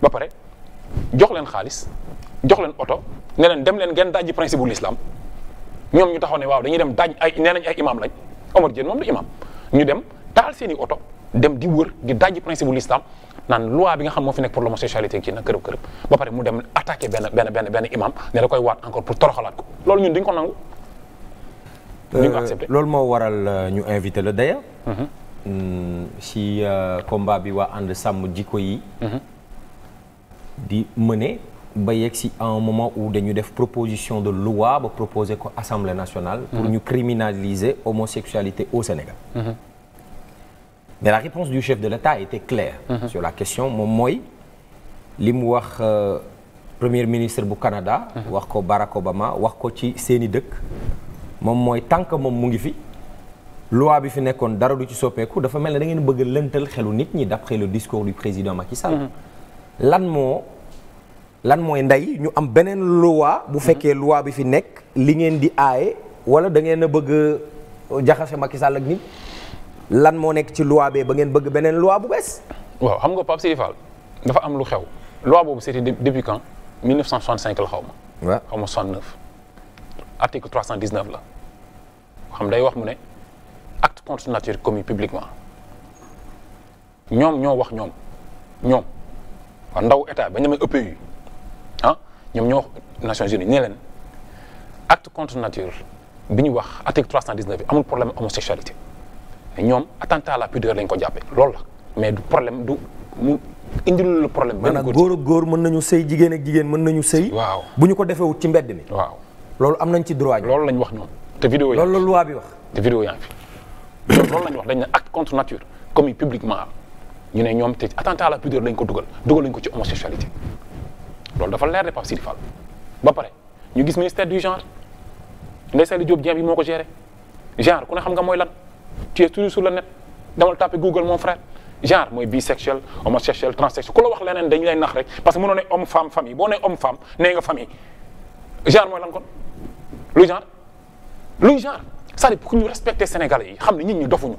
ba pare jox leen xaalis jox leen oto ne leen dem leen ngeen dajji principe bu l'islam ñoom ñu taxaw ne waaw dañuy dem daaj ay nee nañ ay imam lañ Omar Diène moom du imam ñu dem taal seen i oto dem di wër di dajji principe bu l'islam naan loi bi nga xam moo fi nekk pour l'homosexualité kii nag kërëb kërëb ba pare mu dem attaqué benn benn benn benn imam ne da koy waat encore pour toroxalaat ko loolu ñun duñ ko nangu euh, duñ ko accepté loolu moo waral euh, ñu invité la d'ailleurs mhm. hmm, si euh, combat bi waa ànd sàmm jikko yi mhm. di mener ba yegg si à un moment où dañu def proposition de loi ba proposer ko assemblée nationale. pour mhm. ñu criminaliser homosexualité au Sénégal. Mhm. mais la réponse du chef de l'État était claire. Mhm. sur la question moom mooy li mu wax euh, premier ministre bu Canada. wax ko Barack Obama wax ko ci seeni dëkk. moom mooy tant que moom mu ngi fi. loi bi fi nekkoon dara du ci soppeeku dafa mel ne da ngeen bëgg lëntal xelu nit ñi d'après le discours du président Macky Sall. lan lan mooy ndey ñu am beneen loi bu mhm. fekkee loi bi fi nekk li ngeen di aaye wala da ngeen a bëgg jaxase Macky Sall ak nit lan moo nekk ci loi bee ba ngeen bëgg beneen loi bu bees. waaw xam nga Pape Sidi Fall dafa am lu xew loi boobu c'était depuis quand 1965 la xaw ma. waaw xaw ma 69. article 319 la xam day wax mu ne acte contre nature commis publiquement ñoom ñoo wax ñoom ñoom ndaw état ba ñu amee EPU. ñoom ñoo Nations Unies nee leen acte contre nature bi ñu wax article 319 bi amul problème homosexualité ñoom attentat à la pudeur lañ ko jàppee loolu la mais du problème du mu indil la problème. maanaam góor ak góor mën nañu sëy jigéen ak jigéen mën nañu sëy. waaw bu ñu ko defewut ci mbedd mi. waaw loolu am nañ ci droit bi. loolu lañ wax ñoom te vidéo yaa loolu la loi wax. te vidéo yaa fi loolu lañ wax dañ ne acte contre nature commis publiquement ñu ne ñoom te attentat à la pudeur lañ ko dugal dugal lañ ko ci homosexualité. loolu dafa leer de Pape Sidi ba pare ñu gis ministère du genre Ndeye Saly Diop Dieng bi moo ko géré genre ku ne xam nga mooy lan tu es toujours sur le net demal tapé Google mon frère genre mooy bisexuel homosexuel transsexuel ku la wax leneen dañu lay nax rek parce que mënoo ne homme femme famille boo nee homme femme nee nga famille genre mooy lan kon luy genre luy genre cest à ku pour ñu respecter sénégalais yi xam ne nit ñi dofuñu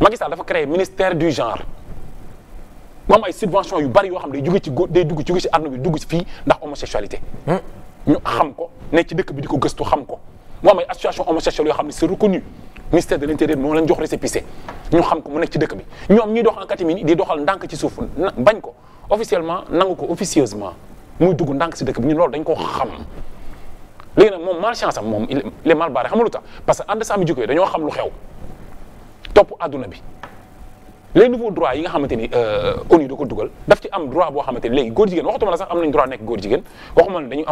Macky Sall dafa créé ministère du genre mu ay subvention yu bari yoo xam ne day jóge ci góor day dugg ci ci àdduna bi dugg ci fii ndax homosexualité hmm? ñu xam ko ne ci dëkk bi di ko gëstu xam ko mu am ay association homosexuelle yoo xam ne c'est reconnu ministère de l'intérieur moo leen jox récépissé ñu xam ko mu nekk ci dëkk bi ñoom ñuy dox en catimini di doxal ndànk ci suuf bañ ko officiellement nangu ko officieusement muy dugg ndànk si dëkk bi ñun loolu dañ ko xam léegi nag moom malchance am moom il mal barré xam nga parce que ànd saami jikko dañoo xam lu xew topp àdduna bi les nouveaux droits yi nga xamante ni euh, ONU da ko dugal daf ci am droit boo xamante ni léegi góor jigéen waxtuma la sax am nañ droit nekk góor jigéen waxuma la dañu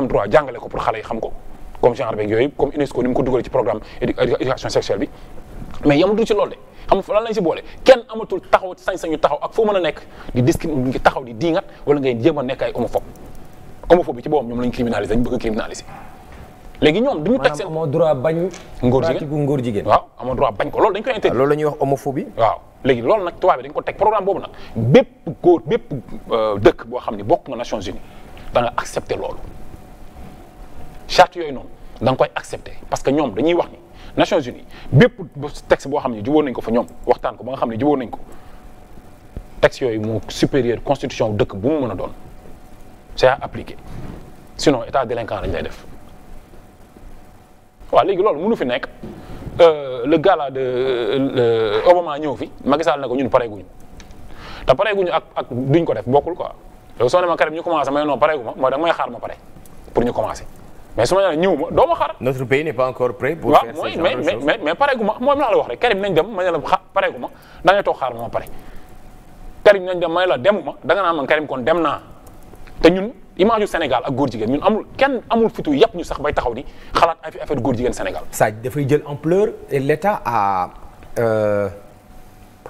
am droit kenn amatul taxaw sañ-sañu taxaw ak foo a nekk di discrimi taxaw di diingat wala ngay jéem a nekk ay homophobe homophobe bi ci lañ criminaliser dañ bëgg a criminaliser léegi ñoom duñu teg droit bañ ngóor jigéen waaw amoo droit bañ ko loolu dañ koy interdit ah, loolu la ñuy wax homophobie léegi loolu nag tubaab bi dañ ko teg programme boobu nag bépp goor bépp euh, dëkk boo xam ne bokk nga Nations Unies da nga accepté loolu charte yooyu noonu da nga koy accepté parce que ñoom dañuy wax ni Nations Unies bépp texte boo xam ne jubóo nañ ko fa ñoom waxtaan ko ba nga xam ne jubóo nañ ko texte yooyu moo supérieur constitution dëkk bu mu mën a doon c'est à appliquer sinon état délinquant lañ lay def waaw léegi loolu mënu fi nekk. Euh, le gala de euh, Obama ñëw fi i Sall ne ko ñun pareeguñu te pareeguñu ak ak duñ ko def bokkul quoi yow soo ne ma Karim ñu commencé ma ne non pareegu ma mooy da ma pare pour ñu commencé mais su ma nee ñëw ma doo ma mais mais pareegu ma moom laa la wax rek Karim nañ dem ma ne la xa pareegu ma da nga ma ma naa man Karim kon dem naa te ñun. image yu Sénégal ak góor jigéen ñun amul kenn amul fitu yëpp ñu sax bay taxaw di xalaat ay fi affaire góor jigéen Sénégal. Sadji dafay jël ampleur et l'État a euh,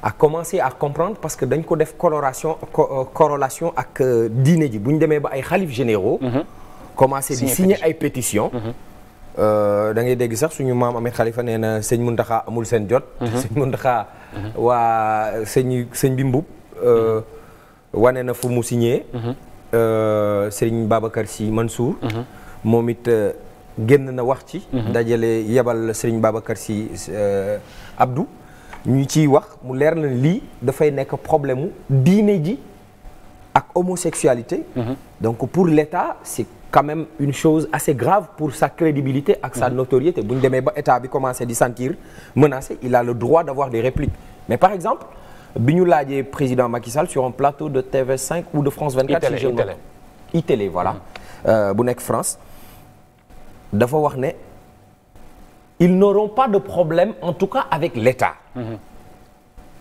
a commencé à comprendre parce que dañ ko def coloration euh, corrélation ak euh, diine ji bu ñu demee ba ay xalif généraux. Mhm. commencé di signer ay pétition mhm. euh, dangay dégg sax suñu maam Ahmed Khalifa nee na sëñ Mountakha amul seen jot. Mhm. sëñ Mountakha waa sëñ sëñ bi mbub wane na fu mu signé. Euh, Serigne Babacar Sy Mansour. Mhm. moom it euh, génn na wax ci. Mhm. dajale yebal Serigne Babacar Sy euh, Abdou. ñu ciy wax mu leer na lii dafay nekk problème mu diine ji ak homosexualité. Mhm. donc pour l'État c'est quand même une chose assez grave pour sa crédibilité ak sa notoriété bu ñu demee ba état bi commencé di sentir menacé il a le droit d'avoir des répliques mais par exemple. bi ñu laajee président Macky Sall sur un plateau de TV5 ou de France 24. ITélé ITélé bu nekk France dafa wax ne ils n'auront pas de problème en tout cas avec l'État. Mm-hmm.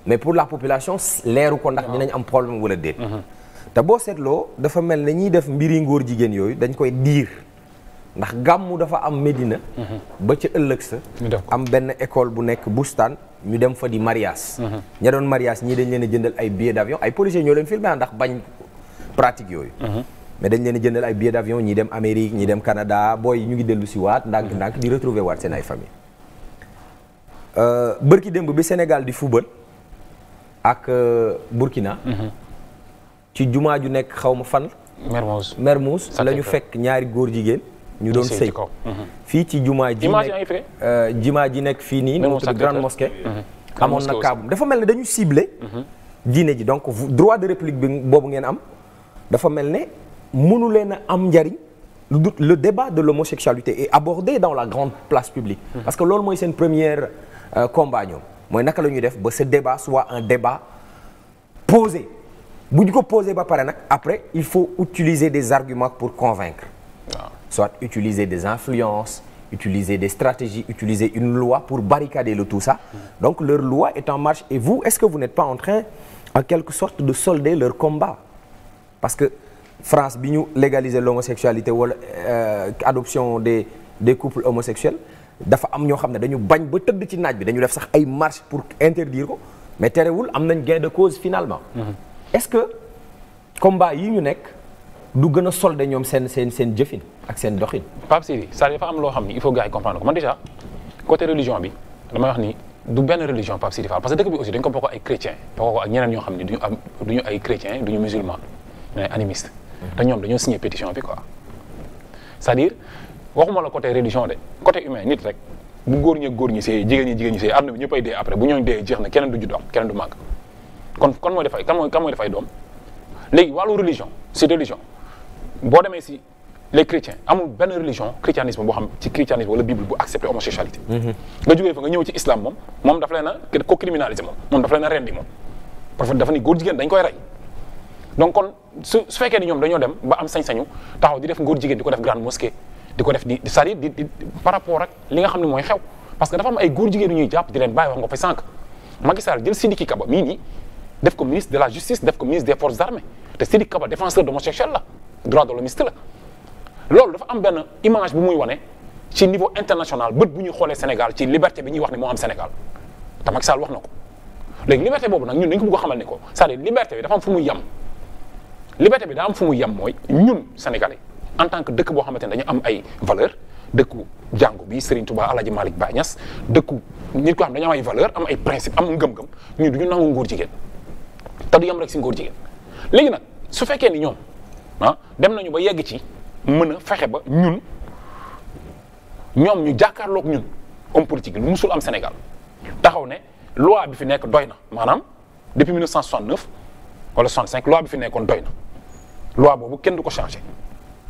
mais pour la population leeru ko ndax mm-hmm. dinañ am problème wala déet. Mm-hmm. te boo seetloo dafa mel ne ñiy def mbiri ngóor jigéen yooyu dañ koy diir. ndax gàmmu dafa am Medina. Mhm. ba ca ëllëg sa. am benn école bu nekk bustaan ñu dem fa di mariage. Mhm. ña doon mariage ñii dañ leen a jëndal ay billets d' avion ay policiers ñoo leen filmé ah ndax bañ pratique yooyu. Mhm. mais dañ leen a jëndal ay billets d' avion ñii dem Amérique ñii dem Canada booy ñu ngi dellu si waat ndànk ndànk di retrouver waat seen ay famille. Euh, bërki démb bi Sénégal di fubal ak euh, Burkina. ci jumaa ju nekk xaw ma fan. Mermoz Mermoz la ñu fekk ñaari góor jigéen. ñu doon sëy mhm. fii ci jumaa ji nekk euh, jumaa ji nekk fii nii mu tudd grande mosquée mhm. Mhm. amoon na kaabum dafa mel ne dañu cible diine ji donc droit de réplique bi boobu ngeen am dafa mel ne mënu leen a am njariñ lu le débat de l'homosexualité est abordé dans la grande place publique parce que loolu mooy seen première euh, combat ñoom mooy naka la ñuy def ba ce débat soit un débat posé bu ñu ko posé ba pare nag après il faut utiliser des arguments pour convaincre soit utiliser des influences utiliser des stratégies utiliser une loi pour barricader le tout sax donc leur loi est en marche et vous est-ce que vous n'êtes pas en train en quelque sorte de solder leur combat parce que France bi ñu légaliser l'homosexualité wala euh, adoption des des couples homosexuels dafa am ñoo xam ne dañu bañ ba tëdd ci naaj bi dañu def sax ay marches pour interdire ko mais terewul am nañ gain de cause finalement. Mm-hmm. est-ce que combat yi ñu du gën a ñoom seen seen seen jëfin ak seen doxin. Pape Sidi ça dafa am loo xam ni il faut gars yi comprendre ko man déjà côté religion bi dama wax ni du benn religion Pape Sidi Fall parce que dëkk bi aussi dañ ko bokk ay chrétiens bokk ko ak ñeneen ñoo xam ni duñu am duñu ay chrétiens duñu musulman mais mm-hmm. te ñoom dañoo signé pétition bi quoi c'est-à-dire la côté religion de côté humain nit rek bu góor ñi góor ñi see jigéen ñi jigéen ñi see àdduna bi ñëppay dee après bu ñooñ dee jeex na keneen du judd am keneen du màgg kon kon mooy def ay kan mooy kan ay doom léegi wàllu religion c'est religion boo demee si les chrétiens amul benn religion christianisme boo xam ci christianisme wala bible bu accepté homosexualité mhm. nga jógee fa nga ñëw ci islam moom moom dafa leen a ko criminalisé moom moom dafa leen a rendi moom parce que dafa ni góor jigéen dañ koy rey donc kon su fekkee ni ñoom dañoo dem ba am sañ-sañu taxaw di def ngóor jigéen di ko def grande mosquée di ko def di cest di par rapport ak li nga xam ne mooy xew parce que dafa am ay góor jigéen yu ñuy jàpp di leen la droit de l'hommiste la loolu dafa am benn image bu muy wane ci niveau international bët bu ñuy xoolee Sénégal ci liberté bi ñuy wax ne moo am Sénégal te Macky Sall wax na ko léegi liberté boobu nag ñun dañ ko bëgg a xamal ne ko c'est-à-dire liberté bi dafa am bi daa am fu muy yem mooy ñun sénégalais en tant que dëkk boo xamante ne dañu am ay valeur dëkku jàngu bi Serigne Touba Alaaji Malick Baye Niass dëkku nit ko xam dañu am ay valeur am ay principe am ngëm-ngëm ñun du ñu nangu ngóor jigéen te du yem rek si ngóor jigéen léegi nag su fekkee ni ñoom ah dem nañu ba yegg ci mën a fexe ba ñun ñoom ñu jàkkaarloog ñun homme politique lu musul am Sénégal taxaw ne loi bi fi nekk doy na maanaam depuis 1969 wala 65 loi bi fi nekkoon doy na loi boobu kenn du ko changé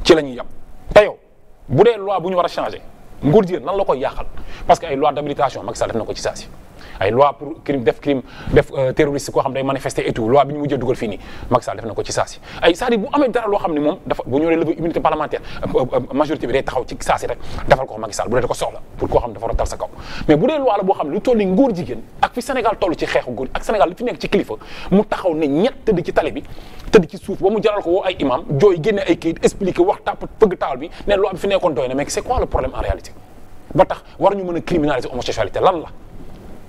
ci la ñuy yem te yow bu dee loi bu ñu war a changé. ngóor jigéen lan la koy yàqal parce que ay loi d'habilitation Macky def na ko ci def crime def euh, loi bi ñu mujjee dugal fii nii def na ko ci saa ay cest bu amee dara loo xam ne moom dafa bu ñëwee lever immunité parlementaire euh, euh, majorité bi day taxaw ci saa rek defal ko Macky bu dee da ko soxla pour koo xam ne dafa rotal kaw mais bu dee lu toll ni jigéen ak fi Sénégal toll ci xeexu góor ak Sénégal li fi nekk ci kilifa mu taxaw ne ba tax war ñu mën a criminaliser homosexualité lan la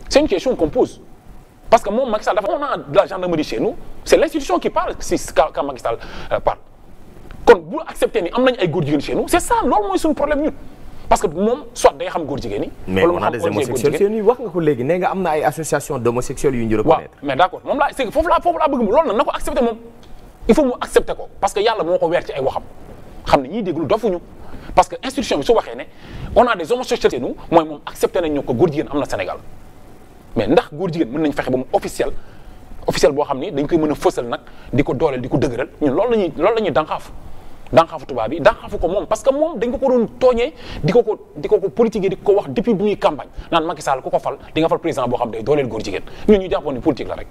c'est une question qu'on pose parce que moom Macky dafa la gendarmerie chez c'est l'institution qui parle si quand Macky euh, parle kon bu accepté ni am nañ ay góor jigéen c'est ça loolu mooy suñu problème ñun parce que moom soit day xam góor mais on a des homosexuels chez nous wax nga am na ay association d'homosexuels yu ñu mais d'accord moom laa nag na ko accepté moom il faut mu accepté ko parce que yàlla moo ne on a des homosexuels nous mooy moom accepté nañ ñu ko góor jigéen am na Sénégal mais ndax góor jigéen mën nañ fexe ba mu officiel officiel boo xam ni dañ koy mën a fësal nag di ko dooleel di ko dëgëral ñun loolu la ñuy dànqaafu dànqaafu tubaab bi dànqaafu ko moom parce que moom di ko wax depuis bi muy campagne naan Macky Sall ku ko fal di fal président boo xam day dooleel góor jigéen ñun ñu jàppoon ni politique la rek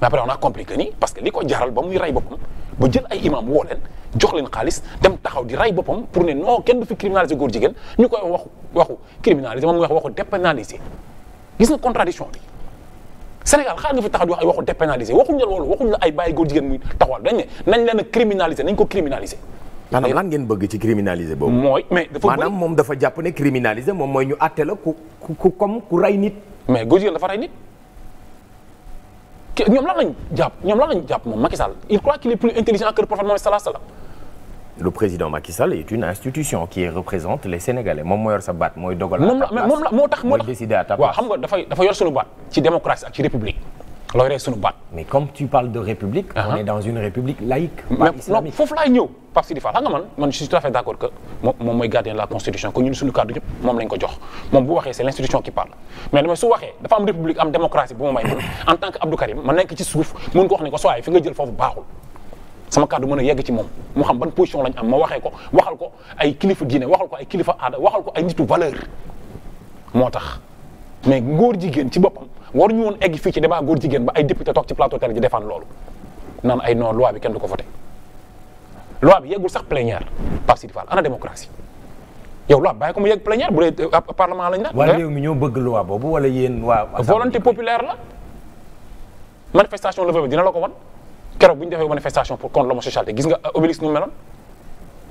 mais après on compris que ni parce que li ko jaral ba muy rey boppam ba jël ay imam woo leen xaalis dem taxaw di rey boppam pour ne non kenn du fi criminaliser góor jigéen ñu koy waxu waxu criminaliser moom muy wax waxu dépénaliser gis nga contradiction bi Sénégal xaar nga fi taxaw di wax ay waxu dépénaliser waxuñ la loolu waxuñ la ay bàyyi góor jigéen muy taxawal dañ ne nañ leen a criminaliser nañ ko criminaliser maanaam lan ngeen bëgg ci criminaliser boobu mooy mais dafa maanaam moom dafa jàpp ne criminaliser moom mooy ñu àtte la ku ku comme ku rey nit mais góor jigéen dafa rey nit ñoom lan lañ jàpp ñoom lan lañ jàpp moom Macky Sall il croit qu'il est plus intelligent que le prophète Mohamed sallallahu le président Macky est une institution qui représente les Sénégalais moom moo yor sa baat mooy dogal. moom la moo tax moo tax mooy décider à ta place waaw xam nga dafay dafa yor suñu baat ci démocratie ak ci république. looy su sunu baat. mais comme tu parles de république. Uh -huh. on ah. est dans une république laïque. pas islamique foofu laay ñëw Pape Sidi Fall xam man man je suis tout d'accord que moom moom mooy gardien de la constitution que ñun suñu kàddu yëpp moom lañ ko jox moom bu waxee c'est l'institution qui parle mais damay su waxee dafa am république am démocratie bu ma may man en tant que Abdou Karim ma nekk ci suuf mun ko wax ne ko soo fi nga jël foofu baaxul. sama kàddu mën a yegg ci moom mu xam ban position lañ am ma waxee ko waxal ko ay kilifa diine waxal moo tax mais góor jigéen ci boppam waruñu woon egg fii ci débat góor jigéen ba ay député toog ci plateau télé ji defaan loolu naan ay non loi bi kenn du ko voté loi bi yeggul sax plénière Pape Sidi Fall ana démocratie yow loi bàyyi ko mu yegg plénière bu dee euh, parlement lañ naan. waa réew mi ñoo bëgg loi boobu wala yéen waa. volonté populaire la manifestation levée bi dina la ko wan keroog bu ñu defee manifestation pour contre l'homosexualité gis nga euh, obélisque nu mu meloon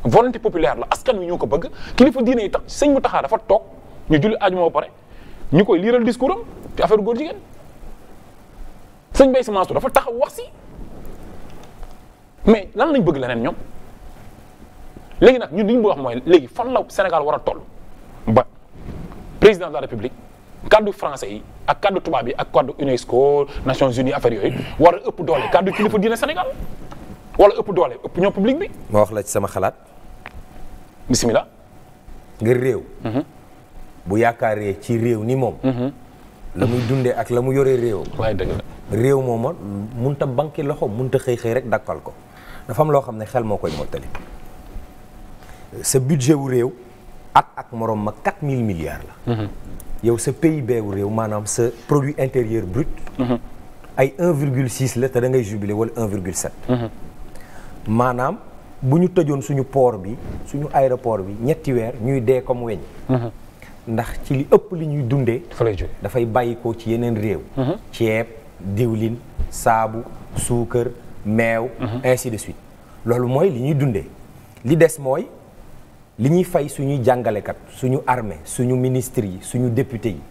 volonté la askan wi ñoo ko bëgg kilifa diine yi tax sëñ taxaa dafa toog ñu julli aajuma ba ñu koy liiral discours am te affaire góor jigéen sëñ Mbaye Sy Mansour dafa taxaw wax si mais lan lañ bëgg leneen ñoom léegi nag ñun li ñu wax mooy léegi fan la Sénégal war a toll ba président de la République kaddu français yi ak kaddu tubaab yi ak kaddu UNESCO Nations Unies affaire yooyu war a ëpp doole kaddu kilifa diine Sénégal wala ëpp doole opinion publique bi. ma wax la ci sama xalaat. bisimilah. ngir réew. Mhm. bu yaakaaree ci réew ni moom. Mhm. la muy dundee ak la mu yoree réewam. waay dëgg la réew mooma munta banki loxo munta xëy xëy rek dakkal ko dafa am loo xam ne xel moo koy mottali. sa budget wu réew at ak moroom ma 4000 milliards la. Mhm. yow sa PIB wu réew maanaam sa produit intérieur brut. Mhm. ay 1,6 la da ngay jubilé wala 1,7. Mhm. maanaam bu ñu tëjoon suñu port bi suñu aéroport bi ñetti weer ñuy dee comme weñ. ndax ci li ëpp li ñuy dundee. fa dafay bàyyikoo ci yeneen réew. Mhm. ceeb diwlin saabu suukar meew. Mhm. ainsi de suite loolu mooy li ñuy dundee li des mooy li ñuy fay suñuy jàngalekat suñu armee suñu ministre yi suñu député yi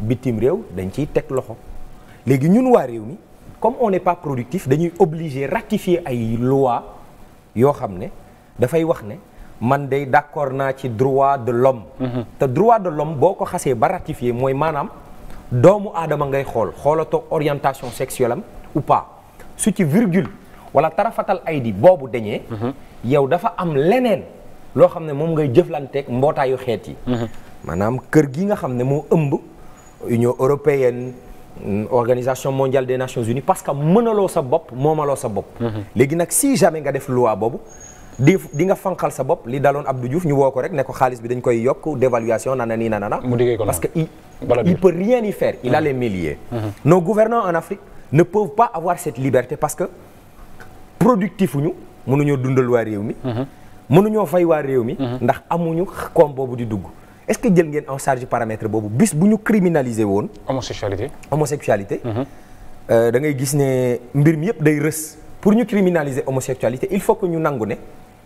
bitim réew dañ ciy teg loxo léegi ñun waa réew mi comme on n'est pas productif dañuy obligé ratifier ay loi yoo xam ne dafay wax ne. man de d'accord naa ci droit de l'homme mhm. te droit de l'homme boo ko xasee ba ratifié mooy maanaam doomu aadama ngay xool xoolatoo orientation sexuelle am ou pas su ci virgule wala tarafatal ay boobu dañee mhm. yow dafa am leneen loo xam ne moom ngay jëflanteek mbootaayu xeet yi mhm. maanaam kër gi nga xam ne moo ëmb Union européenne organisation mondiale des nations unies parce que mënaloo sa bopp moomaloo sa bopp léegi nag si jamais nga def loi boobu di di nga fanqal sa bopp li daloon Abdou Diouf ñu woo ko rek ne ko xaalis bi dañ koy yokk dévaluation nana nii nana na parce que il, il peut rien y faire il a mmh. les milliers mmh. nos gouvernants en Afrique ne peuvent pas avoir cette liberté parce que productif ñu mënuñoo dundal waa réew mi mmh. mënuñoo fay waa réew mi ndax amuñu koom boobu di dugg est-ce que jël ngeen en charge paramètre boobu bis bu ñu criminaliser woon homosexualité homosexualité euh, da ngay gis ne mbir mi yëpp day rës pour ñu criminaliser homosexualité il faut que ñu nangu ne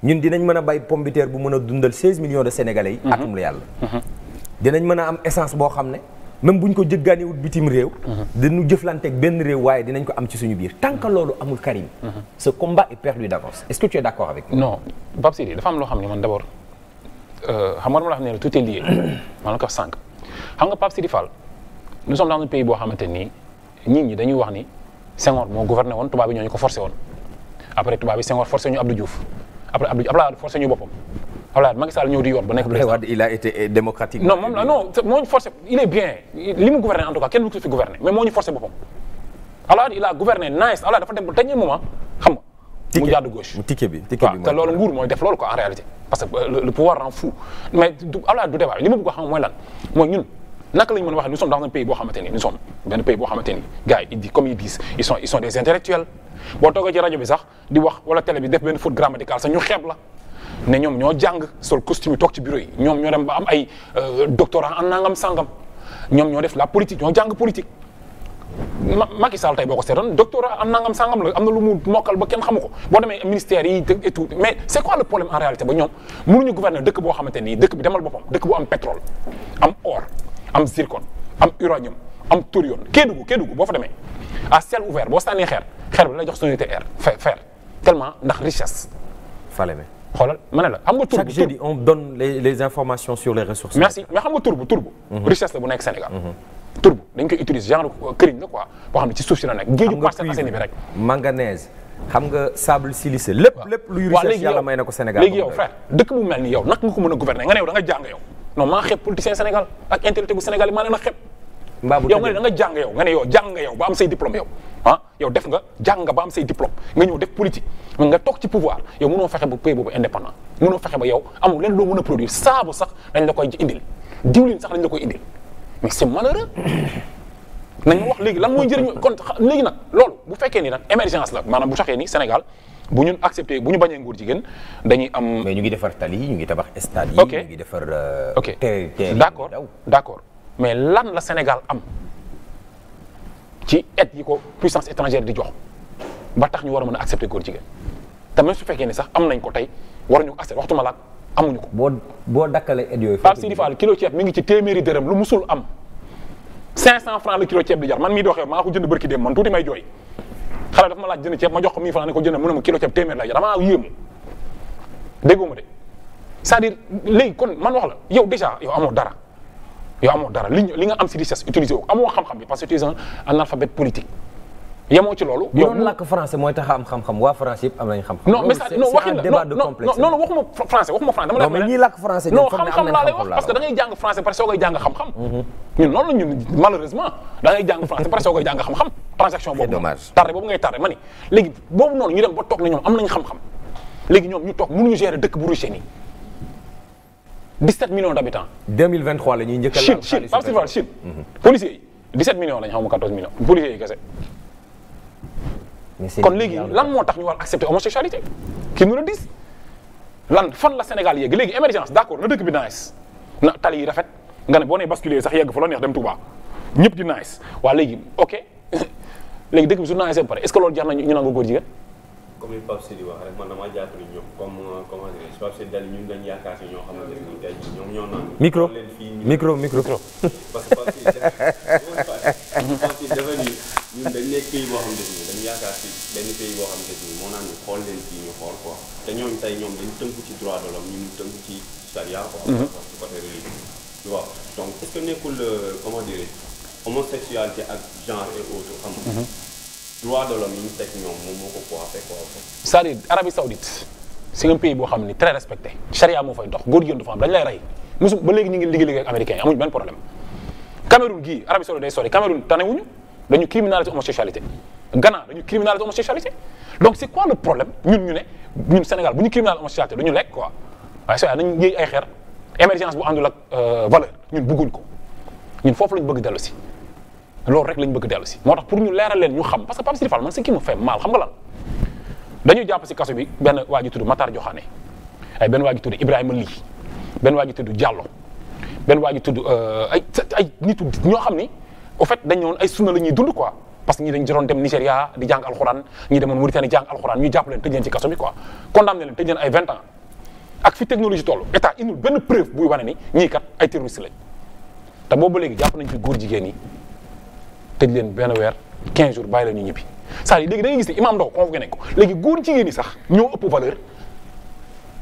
ñun dinañ mën a bay pomme de terre bu mën a dundal 16 millions de sénégalais yi. Mhm. atum la yàlla. Mhm. dinañ mën a am essence boo xam ne même bu ñu ko jëggaaniwut bitim réew. Mhm. dañu jëflanteek benn réew waaye dinañ ko am ci suñu biir tant que loolu amul Karim. ce combat est perdu d'avance est-ce que tu es dafa am loo xam ne man d'abord euh, xam nga ma la wax ne tout est ma la ko sànq xam nga Pape Sidi nu nous sommes dans un pays boo xamante ni nit ñi dañuy wax ni Senghor moo gouverné woon tubaab yi ñoo ñu ko forcé woon après tubaab yi Senghor forcé après Abdou Abdoulaye Wade forcé boppam Abdoulaye Wade Macky Sall ñëw di yor ba nekk président Wade il a été moom la non moo ñu forcé il est bien li mu gouverné en tout kenn du ko fi gouverné mais moo ñu forcé boppam Abdoulaye Wade il a gouverné nice Abdoulaye dafa dem ba dernier moment xam nga mu jàdd gauche ticket bi ticket te loolu nguur mooy def loolu quoi en réalité parce que euh, le pouvoir rend fou mais Abdoulaye du débat li ma bëgg a mooy lan mooy ñun naka la ñu mën a waxee boo toogee ci rajo bi sax di wax wala télé bi def benn faute grammaticale sax ñu xeeb la ne ñoom ñoo jàng sol costume yi toog ci bureau yi ñoom ñoo dem am ay euh, doctorat en nangam sangam ñoom ñoo def la politique ñoo jàng politique. Macky Sall tey boo ko seetoon doctorat am nangam sangam la am na lu mu mokkal ba kenn xamu ko boo demee ministère yi et tout mais c'est quoi le problème en réalité ba ñoom mënuñu gouverner dëkk boo xamante nii dëkk bi demal boppam dëkk bu am pétrole am or am zircon am uranium am tur yoon Kédougou Kédougou boo fa demee à ouvert boo sànnee xeer xeer bi lay jox sonorité air fer tellement ndax richesse. Falémé xoolal ma la xam nga tur chaque jeudi les les informations xam nga tur bu tur bu. Mhm. richesse la bu nekk Sénégal. Mhm. tur bu dañ koy utiliser genre euh, këriñ la quoi boo xam ne ci suuf si la nekk. géeju Parcelles Assainies bi rek. manganèse nga sable siliceux lépp lu luy richesse la may na ko Sénégal léegi yow frère dëkk bu mel ni yow naka nga ko mën a gouverner nga ne yow da nga jàng yow maa xeeb politicien ak intellectuel bu Sénégal yi a xeeb mbaa bu yow nga ne da nga jàng yow nga ne yow jàng nga yow ba am say ah, yow def nga jàng nga ba am say diplôme nga ñëw def politique nga toog ci pouvoir yow mënoo fexe ba pays boobu indépendant mënoo fexe ba yow amul leen loo mën a produire saabu sax dañ la koy indil diwlin sax dañ la koy indil mais c'est malheureux nañ ma wax léegi lan mooy njëriñu kon léegi nag loolu bu fekkee ni nag émergence la maanaam bu saxee ni Sénégal bu ñun accepté bu ñu bañee nguur jigéen dañuy am. mais ñu ngi defar tali ñu ngi tabax stade yi. ok ñu ngi defar. Euh, ok d'accord d'accord. mais lan la Sénégal am ci aide yi ko puissance étrangère di jox ba tax ñu war a mën a accepter góor jigéen te même su fekkee ni sax am nañ ko tey war ñu ko accepter waxtuma laat amuñu ko. boo boo dakkalee aide yooyu. Pape Sidi Fall kilo ceeb mi ngi ci téeméeri dërëm lu musul am 500 francs la kilo ceeb di jar man mii doxee maa ko jënd bërki dem man tuuti may jooy xale dafa ma laaj jënd ceeb ma jox ko 1000 francs ko jënd mu ne ma kilo ceeb téeméer lay jar damaa yéemu dégguma de cest di léegi kon man wax la yow déjà yow amoo dara. yoo amoo dara li li nga am si richesse utiliser wu amoo xam-xam bi parce que tu es un analphabète ci loolu. yow loolu làkk français mooy tax a am xam-xam waa français yëpp am nañ xam-xam. non mais xam-xam transaction boobu dommage boobu ngay tarre ma ni boobu noonu ñu dem ba toog na ñoom am nañ xam-xam léegi ñoom ñu toog mënuñu gérer dëkk bu riche nii 17 millions d' habitants. 2023 la ñuy njëkk a laal. Chine lañ xaw ma 14 yi kese. kon léegi lan moo tax ñu war accepter homosexualité kii nous le disent lan fan la Sénégal yegg léegi émergence d' accord na dëkk bi nice na tali yi rafet nga ne boo nee basculer sax yegg fa la neex dem Touba ñëpp di nice waa léegi ok léegi dëkk bi su nice ba pare est ce que loolu jar na ñu nangu góor jigéen comme li Pape Sidi wax rek man damaa jàpp ni ñoom comme comment dire Pape Sidi daal ñun dañ yaakaar si ñoo xam ni tey jii ñoom ñoo naan. micro micro micro parce que Pape Sidi Pape Sidi dafa ni ñun dañ nekk pays boo xamante ni dañ yaakaar si benn pays boo xamante ni moo naan ñu xool leen fii ñu xool ko te ñooñu tey ñoom dañ tënku ci droit de l'homme ñun tënku ci charia quoi. Mhm. ci côté religieux bi waaw donc est-ce que nekkul euh, comment homosexualité ak genre et autres xam droit de l'homme yi ñu teg ñoom moom moo boo xam ni très respecte charia moo fay dox góor jigéen dafa am dañu lay rey musu ba léegi ñu ngi liggéey ak américains yi amuñu benn problème Cameroun gii Arabie Saoudite day sori Cameroun tanewuñu dañu criminaliser homosexualité Ghana dañu criminaliser homosexualité donc c'est quoi le problème ñun ñu ne ñun Sénégal bu ñu criminaliser homosexualité du ñu lekk ko a sooy nañu yéey ay xeer émergence bu àndul ak euh, valeur ñun bëgguñ ko ñun foofu lañ bëgg dellu si loolu rek lañ bëgg dellu si moo tax pour ñu leeral leen ñu xam parce que Pape Sirifal man c'est qui me fait mal xam nga lan dañu jàpp si kaso bi benn waa ji tudd Matar Joxaane ay benn waa ji tudd Ibrahima Ly benn waa ji tudd benn waa ji tudd euh, ay ay nitu ñoo xam ni au fait dañ ñëwoon ay sunna la ñuy dund quoi parce que ñi dañ doon dem Nigéria di jàng alxuraan ñi demoon Mauritanie jàng alxuraan ñu jàpp leen tëj leen ci kaso bi quoi condamné leen tëj leen ay 20 ans ak fi technologie toll état indul benn preuve buy wane ni ñii kat ay terroriste lañ te boobu léegi jàpp nañ fi góor jigéen yi tëj leen benn weer 15 jours bàyyi la ñu ñibbi c'est-à-dire léegi da ngay gis ne imaam ndox convoqué nañ ko léegi góor jigéen yi sax ñoo ëpp valeur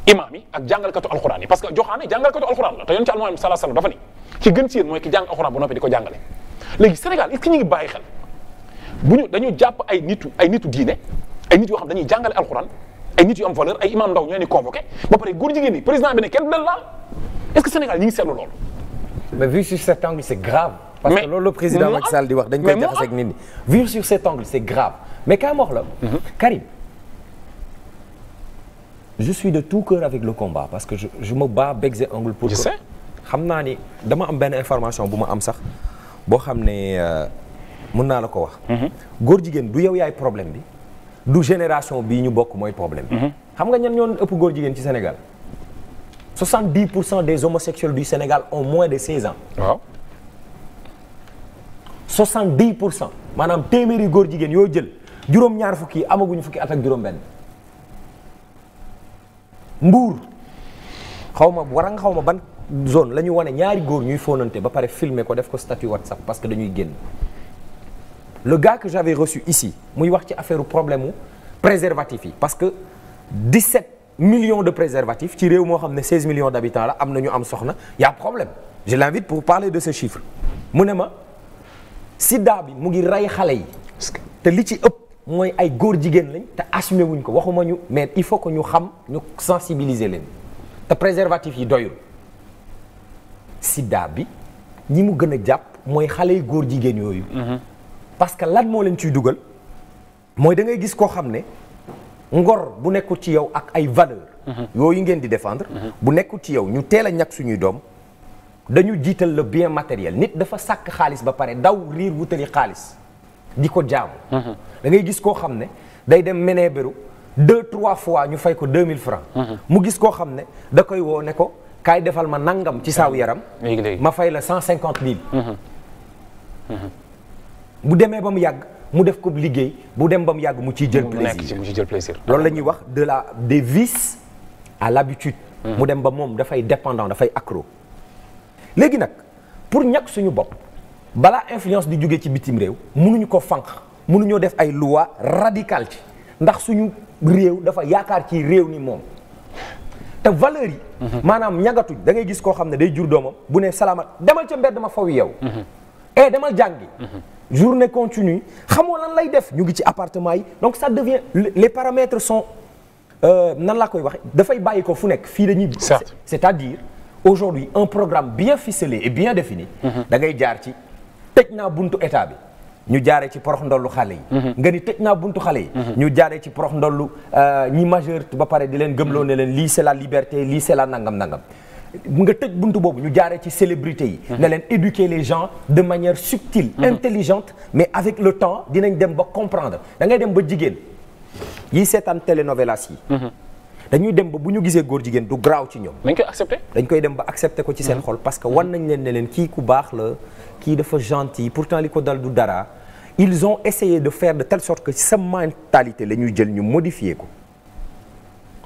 imaam ak jàngalkatu alxuraan yi parce que joxaane jàngalkatu alxuraan la te yoon ci almoam sala sala dafa ni ko jàngale léegi Sénégal est-ce que ñu ngi bàyyi xel jàpp ay nitu ay nitu diine ay nit yoo xam dañuy jàngale alxuraan ay nit yu am valeur ay imaam ndaw ñoo ni convoqué ba pare góor jigéen ñi président bi ne kenn du leen laal est-ce que Sénégal ñi ngi seetlu parce mais, que loolu président Macky Sall di wax dañ koy jaxase ak nit ñi vivre sur cet angle c'est grave mais kaa ma la mhm. Karim je suis de tout cœur avec le combat parce que je, je me bats bec et pour je xam naa ni dama am benn information bu ma am sax boo xam ne euh, mën naa la ko wax mhm. góor jigéen du yow yaay problème bi du génération bii ñu bokk mooy problème bi mhm. xam nga ñan ñoo ëpp góor jigéen ci Sénégal 70 pour cent des homosexuels du Sénégal ont moins de 16 ans soixante-dix pour cent maanaam téeméeri góor jigéen yoo jël juróom-ñaar fukki amaguñu fukki at ak juróom-benn mbuur xaw ma war nga xaw ma ban zone la ñu wane ñaari góor ñuy fóonante ba pare filmer ko def ko statut WhatsApp parce que dañuy génn le gars que j'avais reçu ici muy wax ci affaire problème mu préservatif yi parce que 17 millions de préservatifs ci réew moo xam ne million millions d'habitants la am na ñu am soxna y a problème je l'invite pour parler de ce chiffre mu ne ma sida bi mu ngi rey xale yi. te li ci ëpp mooy ay góor jigéen lañ te assumé wuñ ko waxuma ñu mais il faut que ñu xam ñu sensibiliser leen te préservatif yi doyul siddaa bi ñi mu gën a jàpp mooy xale yu góor jigéen yooyu. Mhm. parce que lan moo leen ciy dugal mooy da ngay gis koo xam ne ngor bu nekkul ci yow ak ay valeur mhm. yooyu ngeen di defendre mhm. bu nekkul ci yow ñu teel a ñàkk suñuy doom. dañu jiital la bien matériel nit dafa sàkk xaalis ba pare daw riir wutali xaalis di ko jaamu. Mhm. da ngay gis koo xam ne day dem menee béru deux trois fois ñu fay ko deux mille francs mhm. mu gis koo xam ne da koy woo ne ko kaay defal ma nangam ci saaw yaram. ma fay la cent cinquante mille. Mhm. bu demee ba mu yàgg mu def ko liggéey bu dem ba mu yàgg mu ciy jël plaisir mu ciy loolu la ñuy wax de la des à l'habitude mu dem ba moom dafay dépendant dafay accro. léegi nag pour ñàkk suñu bopp balaa influence di jóge ci bitim réew munuñu ko fànq munuñoo def ay loi radicale ci ndax suñu réew dafa yaakaar ci réew ni moom te valeur yi mhm. maanaam ñagatu da ngay gis koo xam ne day jur doomam bu ne salaamat demal ca mbedd dama faw yow e demal jàngi mhm. journée continue xamoo lan lay def ñu ngi ci appartement yi donc ça devient les paramètres sont euh, nan laa koy wax dafay bàyyi ko fu nekk fii dañuy c'est-à-dire aujourd'hui un programme bien ficelé et bien défini mhm. da ngay jaar ci tëj naa buntu état bi ñu jaaree ci porox ndollu xale yi mhm. nga ni tëj naa buntu xale yi mhm. ñu jaaree ci porox ndollu euh, ñi majeur ba pare di leen gëmloo ne leen lii c'est la liberté lii c'est la nangam nangam nga tëj buntu boobu ñu jaaree ci célébrité yi na leen éduquer les gens de manière subtile intelligente mais avec le temps dinañ dem ba comprendre da ngay dem ba jigéen yi seetaan télénovelas yi dañuy dem ba bu ñu gisee góor jigéen du graaw ci ñoom. dañ koy accepté. dañ koy dem ba accepté ko ci seen mm-hmm. xol parce que wan nañ leen ne leen kii ku baax la kii dafa gentil pourtant li ko dal du dara ils ont essayé de faire de telle sorte que sa mentalité la ñuy jël ñu modifier ko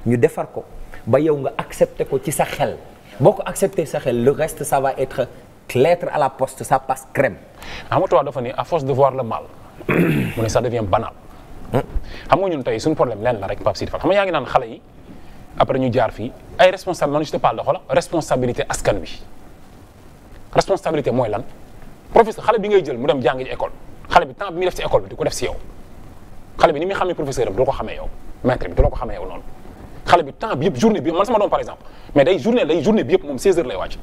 ñu defar ko ba yow nga accepté ko ci sa xel boo ko accepté sa xel le reste ça va être lettre à la post sa passe crème. Ah, Amatouba dafa ni à force de voir le mal mu ne ça devient banal. Hmm? xam nga ñun tey suñu problème lenn ngi naan xale yi. après ñu jaar fii ay responsable man je te parle de xoola responsabilité askan wi responsabilité mooy lan professeur xale bi ngay jël mu dem jàng ci école xale bi temps bi muy def ci école bi du ko def si yow xale bi ni muy xamee professeur am du ko xamee yow maître bi du ko xamee yow noonu xale bi temps bi yëpp journée bi man sama doom par exemple mais day journée day journée bi yëpp moom 16 heures lay wàcc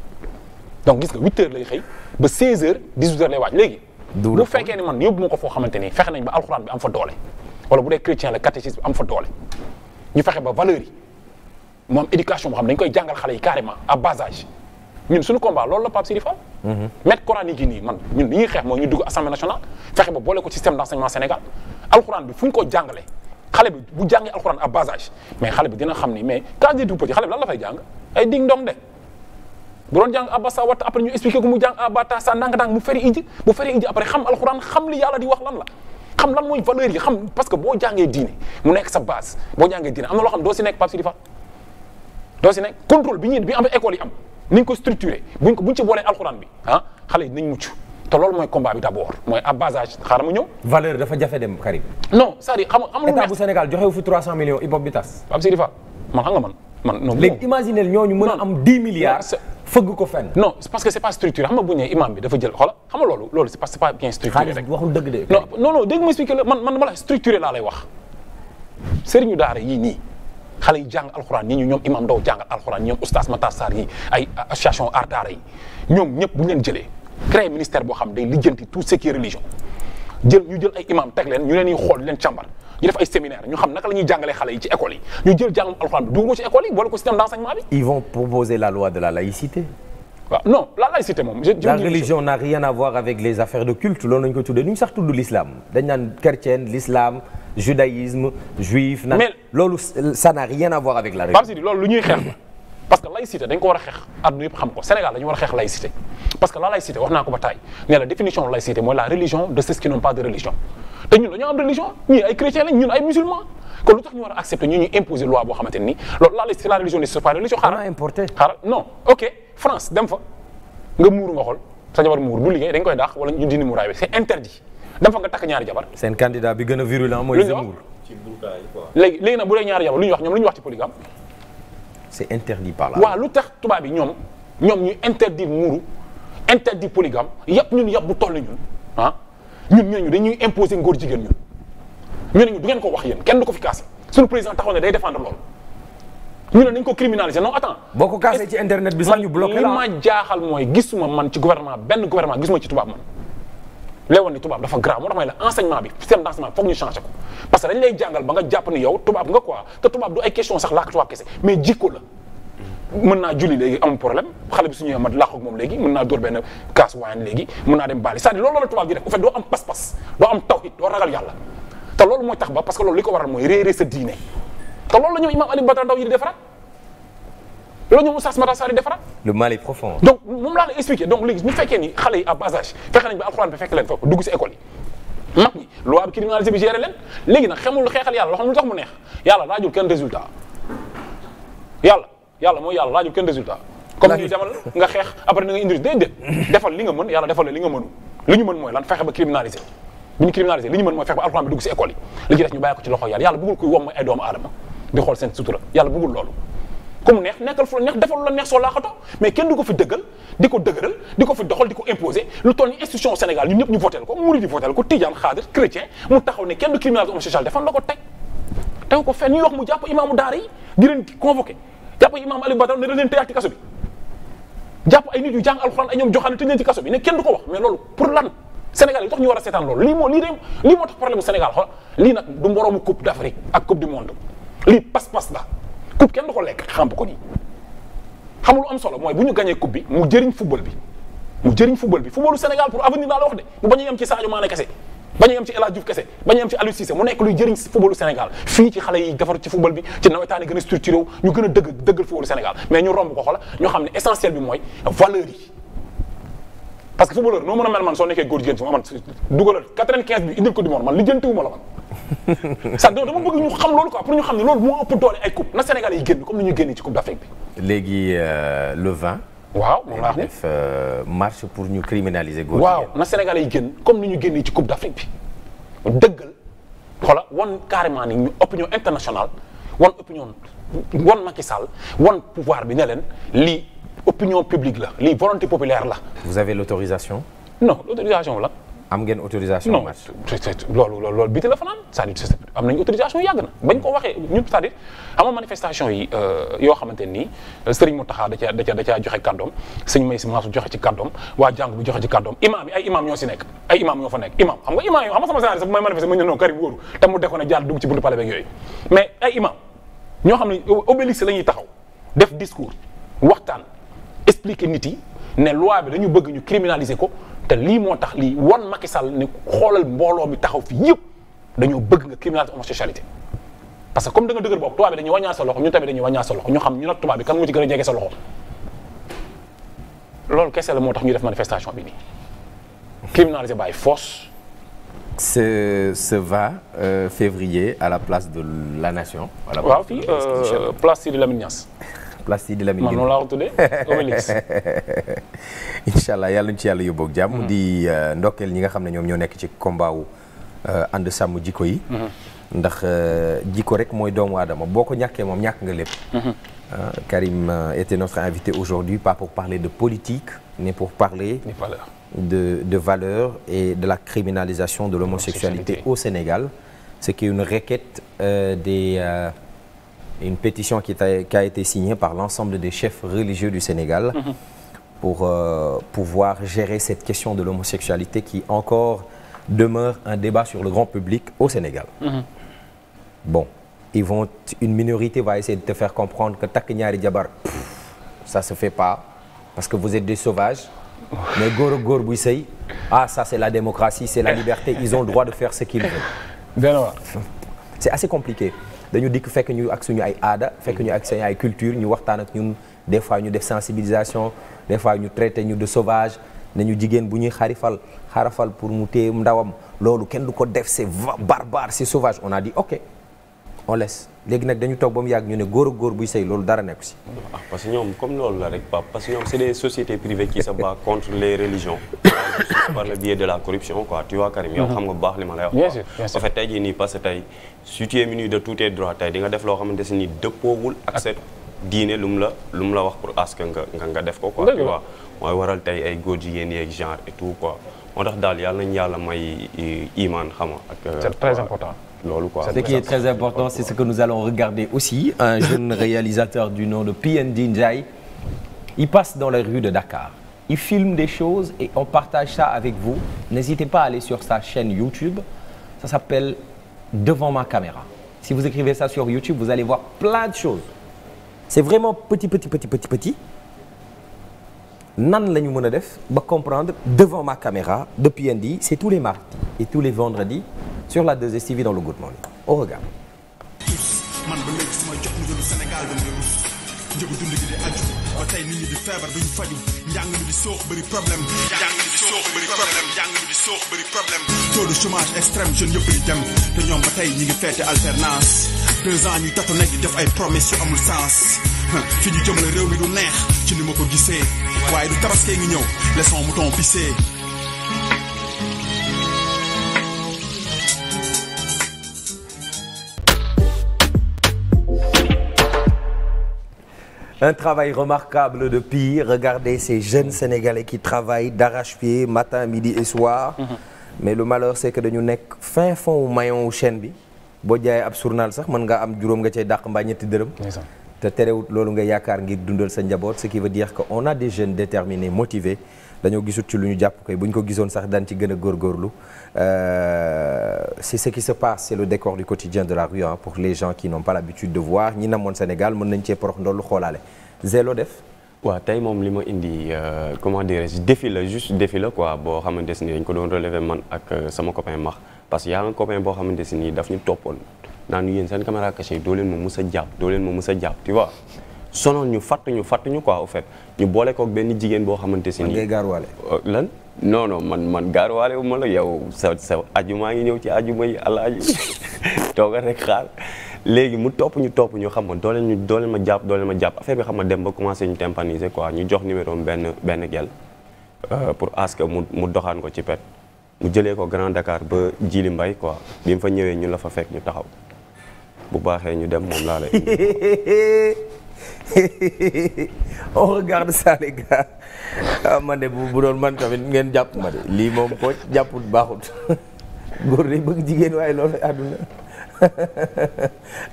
donc gis nga 8 lay xëy ba 16 heures 18 heures lay wàcc léegi bu fekkee ne man yóbbu ma ko xamante nii fexe nañ ba alxuraan fa doole wala bu dee chrétien la catéchisme bi am fa doole ñu fexe ba valeur yi mu am éducation boo xam dañ koy jàngal xale yi carrément à bas âge ñun suñu combat loolu la Pape Sidi Fall mm-hmm. maître coranique yi nii man ñun li ñuy xeex mooy ñu dugg assemblée nationale fexe ba boole ko système d' enseignement Sénégal alxuraan bi fu ñu ko jàngale xale bi bu jàngee alxuraan à bas âge mais xale bi dina xam ni mais quand il est tout petit xale bi lan la fay jàng ay ding dong de bu doon jàng abasa mu jàng abata sa ndànk-ndànk mu feri indi bu xam alxuraan li yàlla di wax lan la xam lan mooy valeur yi xam parce que boo jàngee diine mu nekk sa base boo jàngee diine am na loo xam doo nekk Pape Sidi Fall doo si ne contrôle bi ñuy bi am école yi am ni ñu ko structuré buñ ko buñ ci boolee alxuraan bi ah yi dinañ mucc te loolu mooy combat bi d' abord mooy à bas âge xaaral mu ñëw. valeur dafa jafe dem Karim. non c'est-à-dire xam Sénégal joxe wu fi 300 millions Ibop bi tas. Pape Sidi Fall man xam man man non. léegi ñooñu mën a am 10 milliards. fëgg ko fenn. non parce que c' pas structuré xam bu ñu nee imam bi dafa jël xoola xam nga loolu loolu c' est pas c' est pas bien structuré rek. waxul yii nii xale yi jàng alxuraan ñi ñu ñoom imam Ndao jàngal alxuraan ñoom oustaz Matar ay association ardaara yi ñoom ñëpp bu ñu leen jëlee ministère boo xam day lijjanti tout ce qui est religion jël ay imam teg leen ñu leen ñuy xool leen càmbar ñu def ay séminaire ñu xam naka la ci école yi ñu jël ko ci école yi boole bi. ils vont proposer la loi de la laïcité. waaw la laïcité moom. la religion n'a rien à voir avec les affaires de culte loolu la ñu ko tuddee nu ñu sax judaïsme juif. na loolu ça n'a rien à voir avec la religion. Pape loolu lu ñuy xeex parce que laïcité dañ ko war xeex àdduna yëpp xam ko Sénégal dañu war xeex laïcité parce que la laïcité wax naa ko ba taay ne la définition de mooy la religion de ceux qui n'ont pas de religion te ñun dañoo am religion ñii ay chrétiens lañ ñun ay musulmans kon lu tax ñu war accepter ñu ñuy imposer loi boo xamante ni la laïcité la religion ne c'est pas dafa nga takk ñaari jabar. seen candidat bi gën a virulent mooy Zemmour ci bu dee ñaari jabar lu ñu wax ñoom lu ñu wax ci polygame. c'est interdit par la. lu tax tubaab yi ñoom ñoom ñu interdit muuru interdit polygame yëpp ñun yëpp bu toll ñun ah ñun ñooñu dañuy imposer ngóor jigéen ñun. ñu ne ñu du ngeen ko wax yéen kenn du ko fi kaase suñu président taxaw ne day défendre loolu ñu ne nañ ko criminaliser non attends. boo ko kaasee ci internet bi sax ñu bloqué la li ma jaaxal mooy gisuma man ci gouvernement benn gouvernement gisuma ci tubaab man. lay tubaab dafa grave moo tax may la enseignement bi système d'enseignement bi foog ñu changé ko parce que dañ lay ba nga jàpp ni yow tubaab nga quoi am pas-pas doo am tawhid doo ragal yàlla te loolu mooy tax ba parce loolu li ko waral mooy réeré sa diine te loolu la imam Ali Badara Ndao yi di loolu ñoom Oustaz Matar Sarr yi defaraat. le mal est profond. donc moom laa la donc léegi bu ni xale yi à bas âge fexe nañ ba alxuraan bi fekk leen foofu dugg si école yi. mag ñi loi bi criminalisé bi géré leen léegi nag xamul xeexal yàlla loo xam ne mu neex yàlla laajul kenn résultat yàlla yàlla nga xeex après na nga indi déedéet defal li nga mën yàlla defal li nga mënu li ñu mën mooy lan fexe ba criminalisé bu ñu criminalisé li ñu mën mooy fexe ba alxuraan bi dugg si école yi li ci des ñu bàyyi ci loxo yàlla yàlla bëggul comme neex nekkal fu la neex defal la neex soo laaxatoo mais kenn du ko fi dëggal di ko dëgëral di ko fi doxal di ko imposer lu toll ni institution Sénégal ñun ñëpp ñu votel ko murid yi votel ko tijaan xaadir chrétien mu taxaw ne kenn ko teg teg ko yi kaso bi ne kenn du ko wax mais loolu pour lan Sénégal yi tax ñu war a seetaan loolu lii moo lii moo tax problème Sénégal lii nag du moroomu coupe d'Afrique ak coupe du monde lii pas-pas la coupe kenn du ko lekk xamp ko nii xam lu am solo mooy bu ñu gagné coupe bi mu jëriñ football bi mu jëriñ football bi footballu Sénégal pour avenir laa la wax de mu bañ a yem ci Sadio Mané kese bañ a yem ci El Hadj kese bañ a ci Aliou Cissé mu nekk luy jëriñ footballu Sénégal fii ci xale yi defar ci football bi ci nawetaan gën a structuré ñu gën a dëgg dëggal footballu Sénégal mais ñu romb ko xola ñu xam ne essentiel bi mooy valeur parce que footballeur noo mën a mel man soo nekkee góor jigéen fi mu man dugalal quatre-vingt-quinze bi indil ko du la man sax dama bëgg ñu xam loolu quoi pour ñu xam ne loolu moo ëpp doole ay coupe na Sénégal yi génn comme ni ñu génn ci coupe d'Afrique bi euh, le 20 waaw moom laa def euh, ñu criminaliser góor waaw na Sénégal yi génn comme ni ñu génnee ci coupe d'Afrique bi dëggal xoola wan carrément ni ñu opinion internationale wan opinion wan Macky Sall wan pouvoir bi ne leen lii opinion publique la lii volonté populaire la. vous avez l'autorisation non l'autorisation la. am ngeen autorisation. non loolu loolu loolu biti la fanaan c'est-à-dire am nañu autorisation yàgg na bañ ko waxee ñun c'est-à-dire manifestation yi euh, yoo xamante nii euh, Serigne Mountakha da da caa da caa joxe kàddoom sëñ May si Mansour joxe ci kàddoom waa jàng bu joxe ci kàddoom imaam yi ay imaam ñoo si nekk ay imaam ñoo fa nekk imaam xam nga imaam yi xam nga sama scénario sax bu may manifester ma ñu ne non Karim la ñuy taxaw def discours waxtaan expliquer nit yi ne loi bi dañu bëgg ñu criminaliser ko te lii moo tax lii wan Macky Sall ne xoolal mbooloo mi taxaw fi yëpp dañoo bëgg nga criminaliser homosexualité parce que comme da nga dëgër bopp tubaab bi dañuy wàññaa sa loxo ñu tamit dañuy wàññaa sa loxo ñu xam ñu nag tubaab bi kan moo ci gën a jege sa loxo loolu kese la moo tax ñu def manifestation bi nii criminaliser by force ce ce 20 euh, février à la place de la nation. place waaw fii euh, place Sidi Lamine Niass. la Sidi Lamine Gueye. man noonu laa ko tuddee Obélix. incha allah yàlla ñu ci yàlla yóbboog jàmm. Mm-hmm. di euh, ndokkeel ñi nga xam ne ñoom ñoo nekk ci komba wu euh, ànd sàmm jikko yi. Mm-hmm. ndax euh, jikko rek mooy doomu aadama boo ko ñàkkee moom ñàkk nga lépp. Mm-hmm. Ah, Karim était notre invité aujourd'hui pas pour parler de politique mais pour parler. de valeurs de de la criminalisation de l'homosexualité au Sénégal ce qui une requête euh, une pétition qui, a, qui a été signée par l'ensemble des chefs religieux du Sénégal mmh. pour euh, pouvoir gérer cette question de l'homosexualité qui encore demeure un débat sur le grand public au Sénégal. Mmh. Bon, ils vont, une minorité va essayer de te faire comprendre que takk ñaari jabar ça se fait pas parce que vous êtes des sauvages. mais góor ak góor buy sëy ah ça c'est la démocratie c'est la liberté ils ont le droit de faire ce qu'ils veulent. c'est assez compliqué. dañu dikk fekk ñu ak suñu ay aada fekk ñu ak suñu ay culture ñu waxtaan ak ñun des fois ñu def sensibilisation des fois ñu traité ñu de sauvage nañu jigéen bu ñuy xarifal xarafal pour mu téye ndawam loolu kenn du ko def c'est barbare c'est sauvage on a di ok on laisse léegi nag dañu toog ba mu yàgg ñu ne góor ak góor buy sëy loolu dara nekku si. ah parce que ñoom comme loolu la rek Pape ñoom c'est des sociétés privées qui se battent contre les religions. par le biais de la corruption quoi tu vois Karim yow mm-hmm. xam nga bu baax li ma lay wax. bien si tu de tous tes droits tey di ak sa diine lu mu la lu mu la wax pour askan nga nga nga def ko quoi. tu mooy waral tey ay góor jigéen yeeg genre et tout quoi moo tax daal yàlla nañu yàlla may euh, imaan xama ak. Euh, c'est très important. loolu quoi ce qui est très important c'est ce que nous allons regarder aussi un jeune réalisateur du nom de PND Ndiaye il passe dans les rues de Dakar il filme des choses et on partage avec vous n'hésitez pas à aller sur sa chaîne YouTube ça s'appelle Devant ma caméra si vous écrivez ça sur YouTube vous allez voir plein de choses c'est vraiment petit petit petit nan la ñu mën a def ba comprendre devant ma caméra de PND c'est tous les mardis et tous les vendredis sur la 2STV dans le man ba léegi su ma jox mu jëlu Sénégal dama ne rus njëgu dund gi di aju ba tey nit ñi di feebar di soox bëri njàng mi di soox bëri problème njàng mi di soox bëri problème taux de chômage extrême jeune yëpp di dem te ñoom ba tey ñi ngi feete alternance deux ans ñuy tatu nekk di def ay promesses yu amul sens fi ñu jëmale réew mi du neex ci ni ma ko gisee waaye du tabaskee ngi ñëw laissons mouton pisser Un travail remarquable de pire. Regardez ces jeunes Sénégalais qui travaillent d'arrache-pied matin, midi et soir. Mhm. mais le malheur c'est que dañu nekk fin fond wu maillon wu chaîne bi boo jaayee ab journal sax mën nga am juróom nga cay dàq mbaa ñetti dërëm. te terewut loolu nga yaakaar ngir dundal sa njaboot ce qui veut dire que on a des jeunes déterminés motivés. dañoo gisut ci lu ñu jàpp koy bu ñu ko gisoon sax daan ci gën a góorgóorlu euh, c'est ce qui se passe c'est le décor du quotidien de la rue hein, pour les gens qui n'ont pas l'habitude de voir ñi namoon Sénégal mën nañ cee porox ndollu xoolaale zélo def waaw tey moom li ma indi euh, comment dirais-je défi la juste défi la quoi boo xamante si ni dañ ko doon relever man ak euh, sama copain max parce que y a boo xamante si nii daf ñu toppoon naan yéen seen caméra cachée doo leen ma a jàpp doo leen ma mus a jàpp tu vois sonal ñu fàtt ñu fàtt ñu quoi au fait ñu boole kook benn jigéen boo xamante si nii. ngay gaarwaale euh, lan. non man man gaarwaale wu ma la yow sa sa aju maa ngi ñëw ci aju may alaaji toogal rek xaar léegi mu topp ñu topp ñu xam nga doole ñu dooleel ma jàpp dooleel ma jàpp affaire bi xam nga dem ba commencé ñu tympaniser quoi ñu jox numéro benn benn gel euh, pour ask mu mu doxaan ko ci pet mu jëlee ko Grand Dakar ba jiili Mbay quoi bi mu fa ñëwee ñu la fa fekk ñu taxaw bu baaxee ñu dem moom laa on oh, regarde ça les gars ah, man de bu doon man tamit ngeen jàpp ma de lii moom ko jàpput baaxut góor day bëgg jigéen waaye loolu àdduna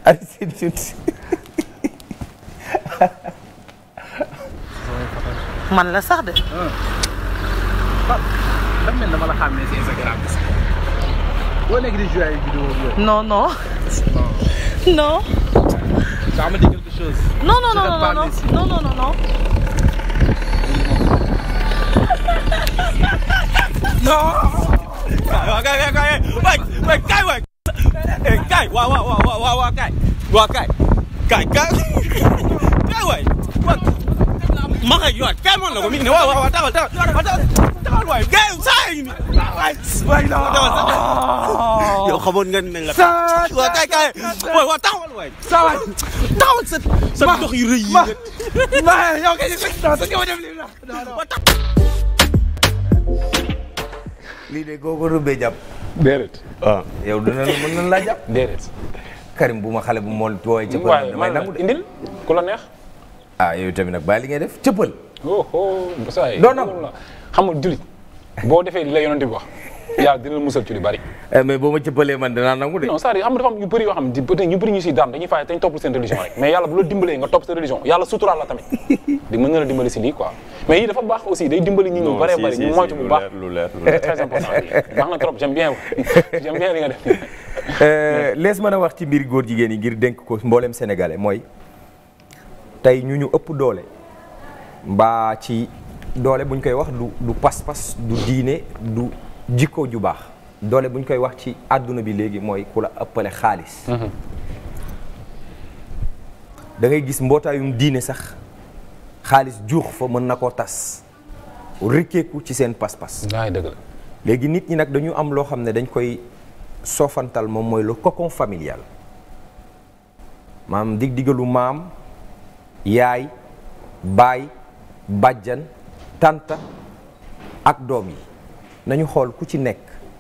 Aristide Thioune. man la sax de. Ah, dama mel la xàmmee ci chose. Non, non, non, non, non, non, non, non, non. Non. Kay, kay, kay. Wait, wait, kay, wait. Eh, kay. Wa, wa, wa, wa, wa, wa, kay. Wa, kay. Kay, kay. Kay, wait. Wait. ma xëy kay mën na ko mi ngi ne kay saa yi nii waay waay taxawal yow xamoon nga ne la waaw kay kay waay waaw taxawal waay saa waay taxawal sa sa yow kay sa kaw def lii de kooku rëbbee jàpp ah, na laa jàpp bu ma xale bu mool tooy ca ko damay nangu de indil ah yooyu tamit nag bàyyi li ngay def cëppal. oh oh Moussa boo defee li la bi wax yàlla dina la musal ci bari. Eh, mais boo ma man dinaa nangu de. non c'est-à-dire am na dafa am ñu na la dimbali si lii quoi mais yii dafa baax aussi day dimbali ñi ñu bëree bëri ñu moytu bu baax lu leer lu leer très important baax na a euh, wax ci mbir góor jigéen yi ngir denk ko mboolem sénégalais mooy tey ñu ñu ëpp doole mbaa ci doole buñ koy wax du du pas-pas du diine du jikko ju baax doole buñ koy wax ci àdduna bi léegi mooy ku la ëppale xaalis mhm. da gis mbootaayum diine sax xaalis juux fa mën na koo tas rikkeeku ci seen pas-pas dëgg la léegi nit ñi nag dañu am loo xam ne dañ koy soofantal moom mooy le cocon familial maam dig digalu maam yaay baay bàjjan tànta ak doom yi nañu xool ku ci nekk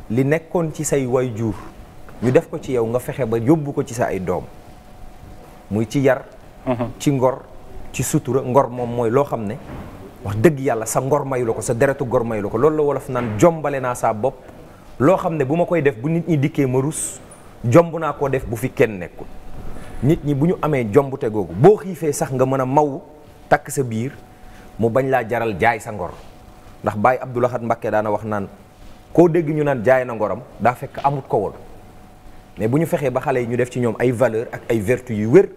li nekkoon ci say way jur ñu def ko ci yow nga fexe ba yóbbu ko ci sa ay doom muy ci yar mhm. ci ngor ci sutura ngor moom mooy loo xam ne wax dëgg yàlla sa ngor mayu la ko sa deretu ngor mayu la ko loolu la wolof naan jombale naa saa bopp loo xam ne bu ma koy def bu nit ñi dikkee ma rus jomb naa koo def bu fi kenn nekkul nit ñi bu ñu amee jombute googu boo xiifee sax nga mën a maw takk sa biir mu bañ laa jaral jaay sa ngor ndax Baye Abdou Lahad Mbacké daana wax naan koo dégg ñu naan jaay na ngoram daa fekk amut ko woon mais bu ñu fexee ba xale yi ñu def ci ñoom ay valeur ak ay vertu yu wér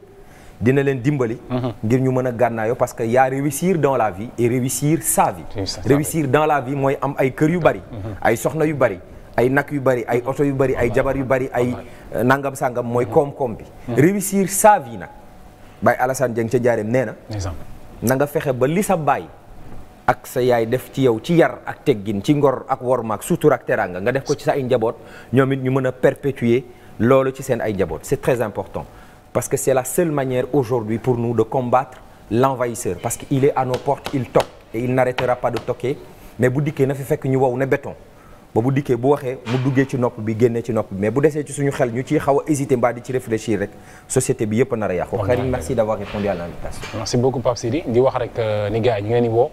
dina leen dimbali. Mhm. ngir ñu mën a gànnaayoo parce que yaa réussir dans la vie et réussir sa vie. réussir dans la vie mooy am ay kër yu bari. Mhm. ay soxna yu bari. ay nag yu bari ay oto yu bari ay jabar yu bari ay eh, nangam sangam mooy koom-koom bi. Hmm. réussir sa vie nag Baye Alassane Dieng ca Njaareem nee na. na nga fexe ba li sa baay ak sa yaay def ci yow ci yar ak teggin ci ngor ak wormaak sutur ak teraanga nga def ko ci sa ay njaboot ñoom it ñu mën a perpétuer loolu ci seen ay njaboot c'est très important parce que c'est la seule manière aujourd'hui pour nous de combattre l'envahisseur parce que est à nos portes il toque et il mais bu dikkee na fi ñu wow ne béton ba bu dikkee bu waxee mu duggee ci nopp bi génnee ci nopp bi mais bu desee ci suñu xel ñu ciy xaw a hésité mbaa di ci réfléchir rek société bi yëpp nar a yàqu. Karim merci d'avoir répondu à l'invitation. merci beaucoup Pape Sidi wax rek euh, ni gars yi ñu ngi woo.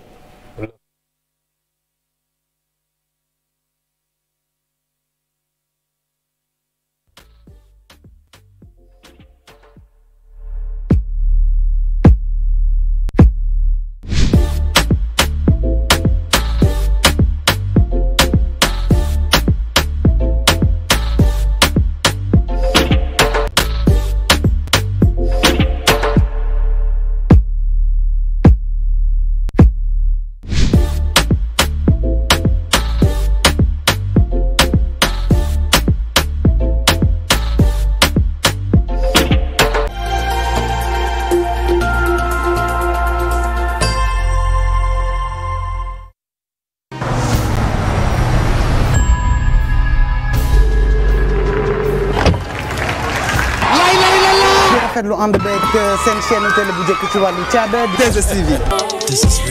chaîne télé bu njëkk ci wàllu caada 2STV